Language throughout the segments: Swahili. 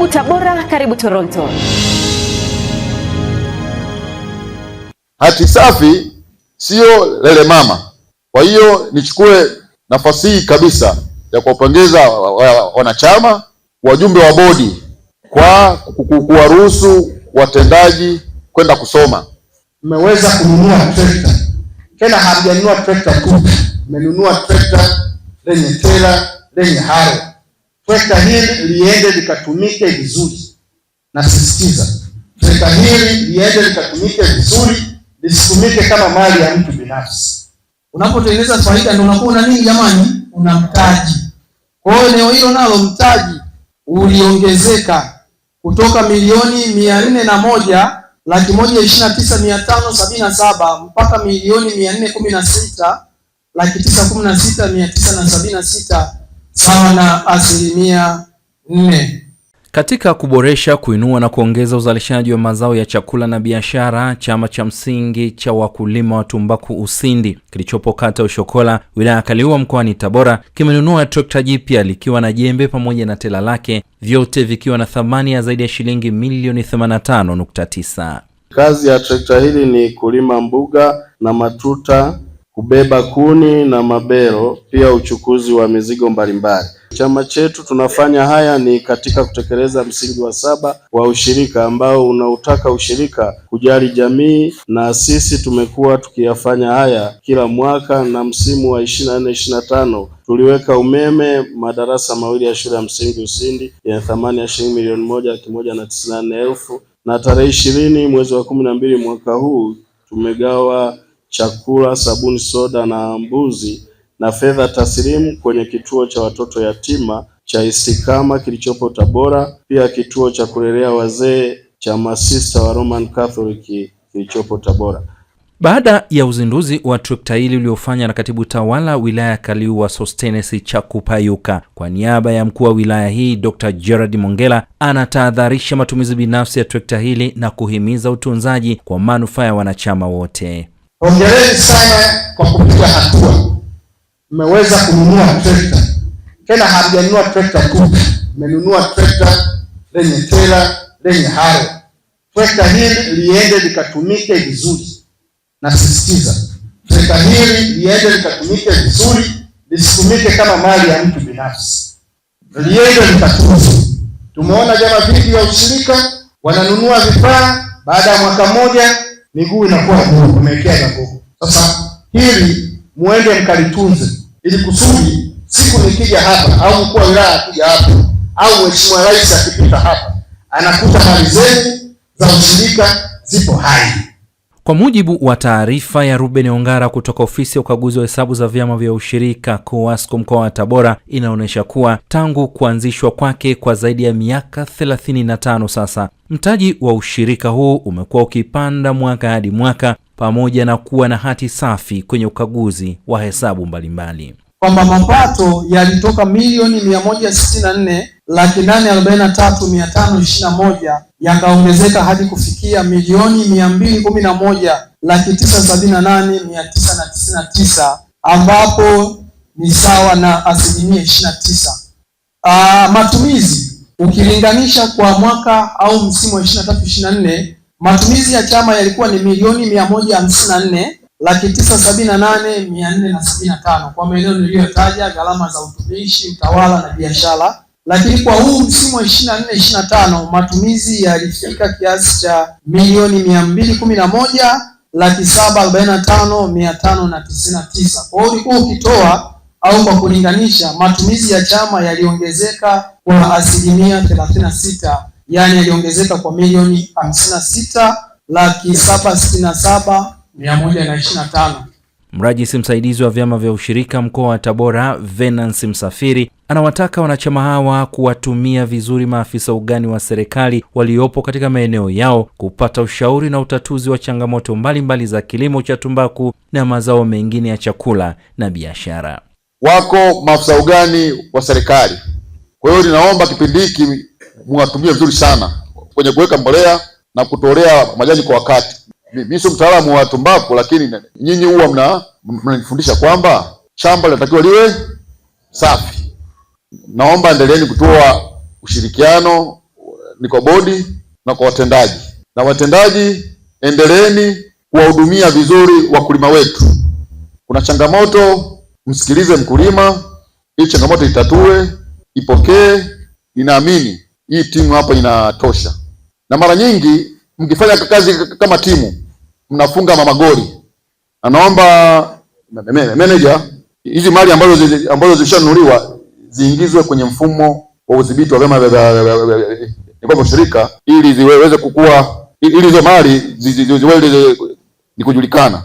Karibu Tabora, karibu Toronto. Hati safi siyo lele mama. Kwa hiyo nichukue nafasi hii kabisa ya kuwapongeza wanachama, wajumbe wa bodi kwa kuwaruhusu watendaji kwenda kusoma. Mmeweza kununua trekta, tena hamjanunua trekta kubwa, mmenunua trekta lenye tela lenye haro Trekta hili liende likatumike vizuri, nasisitiza trekta hili liende likatumike vizuri, lisitumike kama mali ya mtu binafsi. Unapotengeneza faida ndio unakuwa na nini jamani? Una mtaji. Kwa hiyo eneo hilo nalo mtaji uliongezeka kutoka milioni mia nne na moja laki moja ishirini na tisa mia tano sabini na saba mpaka milioni mia nne kumi na sita laki tisa kumi na sita mia tisa na sabini na sita sawa na asilimia nne. Katika kuboresha, kuinua na kuongeza uzalishaji wa mazao ya chakula na biashara, chama cha msingi cha wakulima wa tumbaku Usindi kilichopo kata Ushokola wilaya ya Kaliua mkoani Tabora kimenunua trekta jipya likiwa na jembe pamoja na tela lake, vyote vikiwa na thamani ya zaidi ya shilingi milioni 85.9. Kazi ya trekta hili ni kulima mbuga na matuta kubeba kuni na mabero, pia uchukuzi wa mizigo mbalimbali. Chama chetu tunafanya haya ni katika kutekeleza msingi wa saba wa ushirika ambao unautaka ushirika kujali jamii, na sisi tumekuwa tukiyafanya haya kila mwaka, na msimu wa 24 25 nne tano tuliweka umeme madarasa mawili ya shule ya msingi Usindi yenye thamani ya shilingi milioni moja laki moja na tisini na nne elfu na tarehe ishirini mwezi wa kumi na mbili mwaka huu tumegawa chakula, sabuni, soda na mbuzi na fedha taslimu kwenye kituo cha watoto yatima cha Isikama kilichopo Tabora, pia kituo cha kulelea wazee cha masista wa Roman Catholic kilichopo Tabora. Baada ya uzinduzi wa trekta hili uliofanywa na katibu tawala wilaya ya Kaliua Sostenes Chakupayuka kwa niaba ya mkuu wa wilaya hii Dr. Gerard Mongela, anatahadharisha matumizi binafsi ya trekta hili na kuhimiza utunzaji kwa manufaa ya wanachama wote. Hongereni sana kwa kupiga hatua, mmeweza kununua trekta. Tena hamjanunua trekta tu, mmenunua trekta lenye tela, lenye haro. Trekta hili liende likatumike vizuri, nasisitiza, trekta hili liende likatumike vizuri, lisitumike kama mali ya mtu binafsi, liende likatumike. Tumeona jana vingi ya ushirika wananunua vifaa, baada ya mwaka mmoja miguu inakuwa umeekea na nguvu. Sasa hili muende mkalitunze, ili kusudi siku nikija hapa au mkuu wa wilaya akija hapa au mheshimiwa rais akipita hapa anakuta mali zenu za ushirika zipo hai. Kwa mujibu wa taarifa ya Ruben Ongara kutoka ofisi ya ukaguzi wa hesabu za vyama vya ushirika kuwasco mkoa wa Tabora, inaonyesha kuwa tangu kuanzishwa kwake kwa zaidi ya miaka 35 sasa, mtaji wa ushirika huu umekuwa ukipanda mwaka hadi mwaka, pamoja na kuwa na hati safi kwenye ukaguzi wa hesabu mbalimbali, kwamba mapato yalitoka milioni 164 laki nane arobaini na tatu mia tano ishirini na moja yakaongezeka hadi kufikia milioni mia mbili kumi na moja laki tisa sabini na nane mia tisa na tisini na tisa ambapo ni sawa na asilimia ishirini na tisa. Aa, ah, matumizi ukilinganisha kwa mwaka au msimu wa ishirini na tatu ishirini na nne matumizi ya chama yalikuwa ni milioni mia moja hamsini na nne laki tisa sabini na nane mia nne na sabini na tano kwa maeneo niliyotaja: gharama za utumishi, utawala na biashara lakini kwa huu msimu wa 24 25 matumizi yalifika kiasi cha milioni 211 laki saba arobaini na tano mia tano na tisini na tisa. Kwa hiyo ulikuwa ukitoa au kwa kulinganisha, matumizi ya chama yaliongezeka kwa asilimia 36, yaani yaliongezeka kwa milioni sita laki saba sitini na saba mia moja na ishirini na tano. Mrajisi msaidizi wa vyama vya ushirika mkoa wa Tabora Venance Msafiri Anawataka wanachama hawa kuwatumia vizuri maafisa ugani wa serikali waliopo katika maeneo yao kupata ushauri na utatuzi wa changamoto mbalimbali mbali za kilimo cha tumbaku na mazao mengine ya chakula na biashara. Wako maafisa ugani wa serikali, kwa hiyo ninaomba kipindi hiki muwatumie vizuri sana kwenye kuweka mbolea na kutolea majani kwa wakati. Mimi sio mtaalamu wa tumbaku, lakini nyinyi huwa mnanifundisha mna kwamba shamba linatakiwa liwe safi naomba endeleeni kutoa ushirikiano ni kwa bodi na kwa watendaji, na watendaji endeleeni kuwahudumia vizuri wakulima wetu. Kuna changamoto, msikilize mkulima, hii changamoto itatue, ipokee. Ninaamini hii timu hapa inatosha, na mara nyingi mkifanya kazi kama timu mnafunga mamagoli. Anaomba meneja, hizi mali ambazo ambazo zimeshanunuliwa ziingizwe kwenye mfumo wa udhibiti wa vyama vya ushirika ili ziweze kukua, ili hizo mali ziweze ni kujulikana.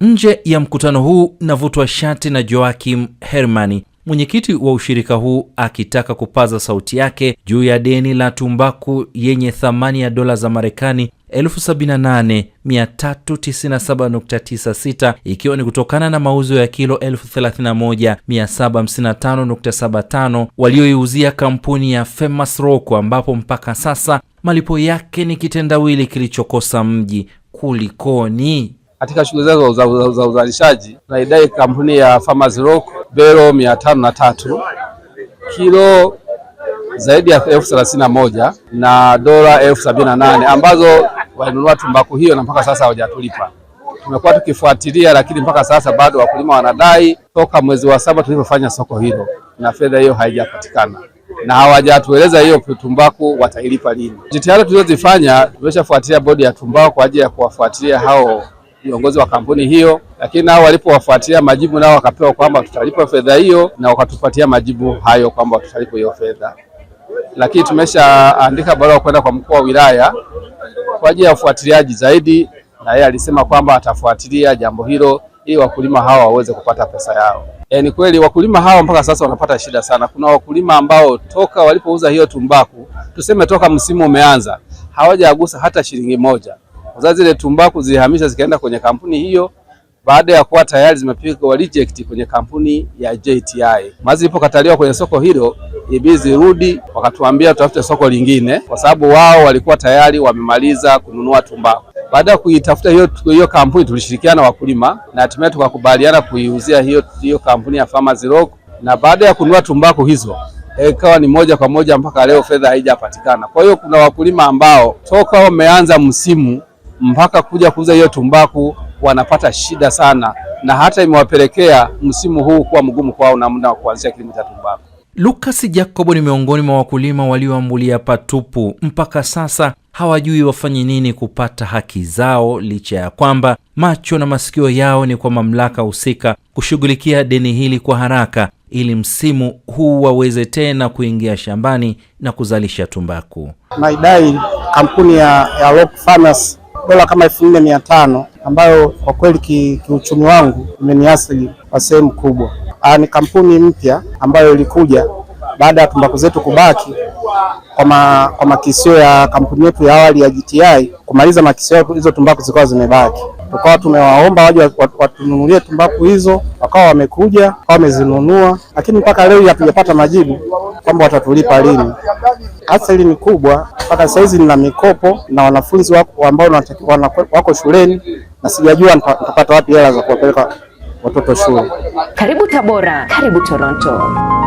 Nje ya mkutano huu navutwa shati na Joakim Hermani, mwenyekiti wa ushirika huu akitaka kupaza sauti yake juu ya deni la tumbaku yenye thamani ya dola za Marekani 78397.96 ikiwa ni kutokana na mauzo ya kilo 31755.75 walioiuzia kampuni ya Famous Rock, ambapo mpaka sasa malipo yake ni kitendawili kilichokosa mji. Kulikoni? Katika shughuli zao za uzalishaji tunaidai kampuni ya Farmers Rock bero mia tano na tatu kilo zaidi ya elfu thelathini na moja na dola elfu sabini na nane ambazo walinunua tumbaku hiyo na mpaka sasa hawajatulipa. Tumekuwa tukifuatilia, lakini mpaka sasa bado wakulima wanadai toka mwezi wa saba tulivyofanya soko hilo, na fedha hiyo haijapatikana na hawajatueleza hiyo tumbaku watailipa lini. Jitihada tulizozifanya, tumeshafuatilia bodi ya tumbaku kwa ajili ya kuwafuatilia hao viongozi wa kampuni hiyo, lakini nao walipowafuatilia majibu nao wakapewa kwamba tutalipa fedha hiyo, na wakatupatia majibu hayo kwamba tutalipa hiyo fedha. Lakini tumeshaandika barua kwenda kwa mkuu wa wilaya kwa ajili ya ufuatiliaji zaidi, na yeye alisema kwamba atafuatilia jambo hilo ili wakulima hawa waweze kupata pesa yao. E, ni kweli wakulima hawa mpaka sasa wanapata shida sana. Kuna wakulima ambao toka walipouza hiyo tumbaku, tuseme toka msimu umeanza, hawajagusa hata shilingi moja. Sasa zile tumbaku zilihamisha zikaenda kwenye kampuni hiyo baada ya kuwa tayari zimepigwa reject kwenye kampuni ya JTI. Mazilipokataliwa kwenye soko hilo EB zirudi, wakatuambia tutafute soko lingine, kwa sababu wao walikuwa tayari wamemaliza kununua tumbaku. Baada ya kuitafuta hiyo hiyo kampuni, tulishirikiana wakulima na hatimaye tukakubaliana kuiuzia hiyo hiyo kampuni ya Farmers Rock, na baada ya kununua tumbaku hizo eh, ikawa ni moja kwa moja mpaka leo fedha haijapatikana. Kwa hiyo kuna wakulima ambao toka wameanza msimu mpaka kuja kuuza hiyo tumbaku wanapata shida sana, na hata imewapelekea msimu huu kuwa mgumu kwao na muda wa kuanzia kilimo cha tumbaku. Lucas Jacob ni miongoni mwa wakulima walioambulia patupu, mpaka sasa hawajui wafanye nini kupata haki zao, licha ya kwamba macho na masikio yao ni kwa mamlaka husika kushughulikia deni hili kwa haraka, ili msimu huu waweze tena kuingia shambani na kuzalisha tumbaku. maidai kampuni ya, ya Rock Farmers dola kama elfu nne mia tano ambayo kwa kweli kiuchumi ki wangu imeniasili kwa sehemu kubwa. Aa, ah, ni kampuni mpya ambayo ilikuja baada ya tumbaku zetu kubaki kwa, ma, kwa makisio ya kampuni yetu ya awali ya GTI kumaliza makisio, hizo tumbaku zikawa zimebaki, tukawa tumewaomba waje watununulie tumbaku hizo, wakawa wamekuja, wamezinunua, lakini mpaka leo hatujapata majibu kwamba watatulipa lini. Athari ni kubwa, mpaka sasa hizi nina mikopo na wanafunzi wako ambao wako shuleni na sijajua nitapata wapi hela za kuwapeleka watoto shule. Karibu Tabora, karibu Toronto.